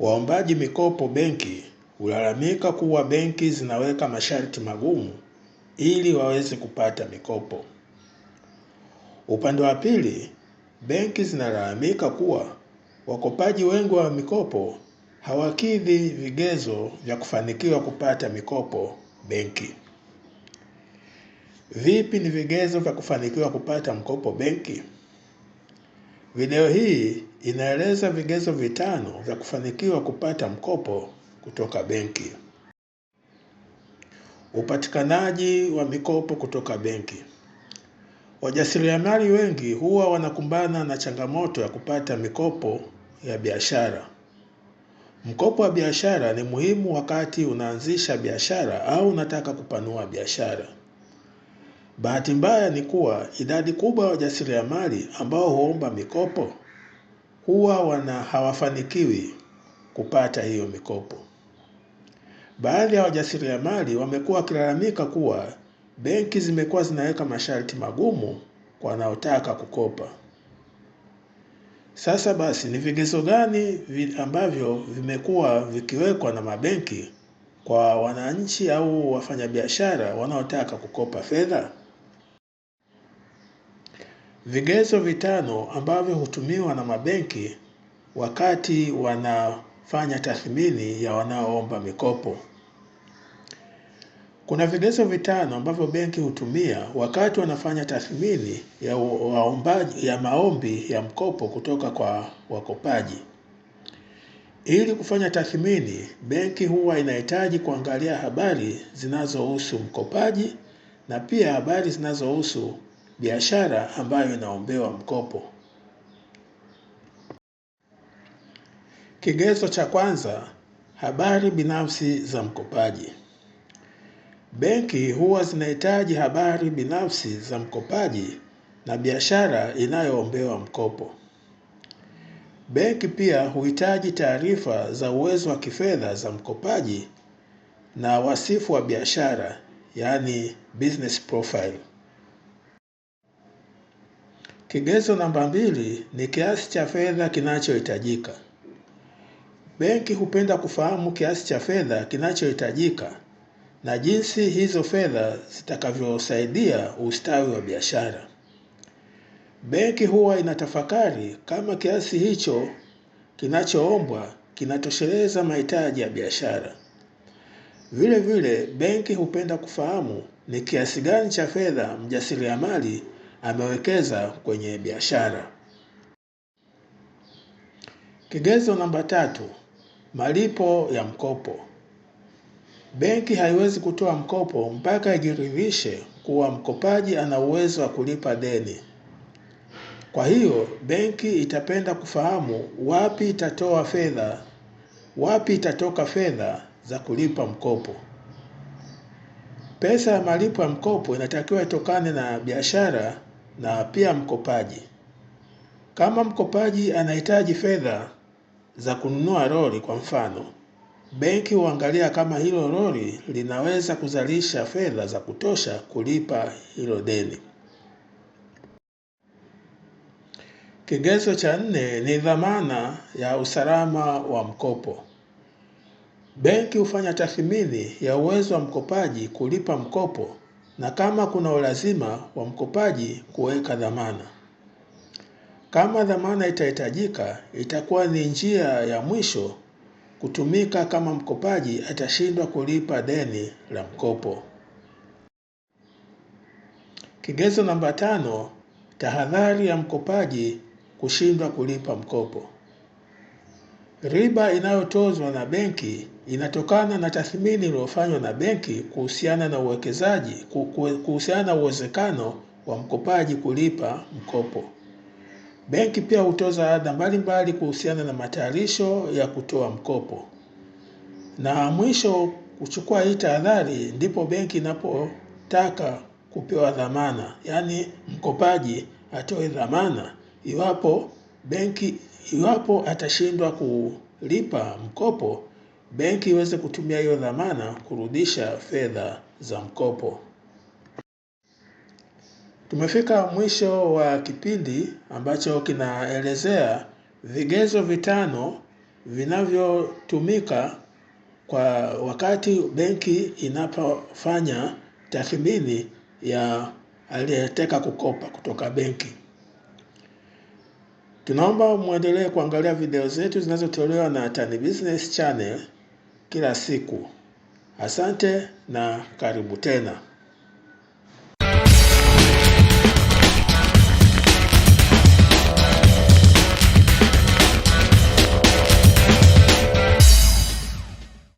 Waombaji mikopo benki hulalamika kuwa benki zinaweka masharti magumu ili waweze kupata mikopo. Upande wa pili, benki zinalalamika kuwa wakopaji wengi wa mikopo hawakidhi vigezo vya kufanikiwa kupata mikopo benki. Vipi ni vigezo vya kufanikiwa kupata mkopo benki? Video hii inaeleza vigezo vitano vya kufanikiwa kupata mkopo kutoka benki. Upatikanaji wa mikopo kutoka benki. Wajasiriamali wengi huwa wanakumbana na changamoto ya kupata mikopo ya biashara. Mkopo wa biashara ni muhimu wakati unaanzisha biashara au unataka kupanua biashara. Bahati mbaya ni kuwa idadi kubwa ya wajasiriamali ambao huomba mikopo huwa wana hawafanikiwi kupata hiyo mikopo. Baadhi ya wajasiriamali wamekuwa wakilalamika kuwa benki zimekuwa zinaweka masharti magumu kwa wanaotaka kukopa. Sasa basi, ni vigezo gani ambavyo vimekuwa vikiwekwa na mabenki kwa wananchi au wafanyabiashara wanaotaka kukopa fedha? Vigezo vitano ambavyo hutumiwa na mabenki wakati wanafanya tathmini ya wanaoomba mikopo. Kuna vigezo vitano ambavyo benki hutumia wakati wanafanya tathmini ya waombaji, ya maombi ya mkopo kutoka kwa wakopaji. Ili kufanya tathmini, benki huwa inahitaji kuangalia habari zinazohusu mkopaji na pia habari zinazohusu biashara ambayo inaombewa mkopo. Kigezo cha kwanza, habari binafsi za mkopaji. Benki huwa zinahitaji habari binafsi za mkopaji na biashara inayoombewa mkopo. Benki pia huhitaji taarifa za uwezo wa kifedha za mkopaji na wasifu wa biashara, yaani business profile. Kigezo namba mbili ni kiasi cha fedha kinachohitajika. Benki hupenda kufahamu kiasi cha fedha kinachohitajika na jinsi hizo fedha zitakavyosaidia ustawi wa biashara. Benki huwa inatafakari kama kiasi hicho kinachoombwa kinatosheleza mahitaji ya biashara. Vile vile, benki hupenda kufahamu ni kiasi gani cha fedha mjasiriamali amewekeza kwenye biashara. Kigezo namba tatu, malipo ya mkopo. Benki haiwezi kutoa mkopo mpaka ijiridhishe kuwa mkopaji ana uwezo wa kulipa deni. Kwa hiyo benki itapenda kufahamu wapi itatoa fedha, wapi itatoka fedha za kulipa mkopo. Pesa ya malipo ya mkopo inatakiwa itokane na biashara na pia mkopaji. Kama mkopaji anahitaji fedha za kununua lori kwa mfano, benki huangalia kama hilo lori linaweza kuzalisha fedha za kutosha kulipa hilo deni. Kigezo cha nne ni dhamana ya usalama wa mkopo. Benki hufanya tathmini ya uwezo wa mkopaji kulipa mkopo na kama kuna ulazima wa mkopaji kuweka dhamana. Kama dhamana itahitajika, itakuwa ni njia ya mwisho kutumika kama mkopaji atashindwa kulipa deni la mkopo. Kigezo namba tano, tahadhari ya mkopaji kushindwa kulipa mkopo. Riba inayotozwa na benki inatokana na tathmini iliyofanywa na benki kuhusiana na uwekezaji kuhusiana na uwezekano wa mkopaji kulipa mkopo. Benki pia hutoza ada mbalimbali kuhusiana na matayarisho ya kutoa mkopo. Na mwisho, kuchukua hii tahadhari ndipo benki inapotaka kupewa dhamana, yaani mkopaji atoe dhamana iwapo benki iwapo atashindwa kulipa mkopo benki iweze kutumia hiyo dhamana kurudisha fedha za mkopo. Tumefika mwisho wa kipindi ambacho kinaelezea vigezo vitano vinavyotumika kwa wakati benki inapofanya tathmini ya aliyetaka kukopa kutoka benki. Tunaomba mwendelee kuangalia video zetu zinazotolewa na Tan Business Channel kila siku. Asante na karibu tena.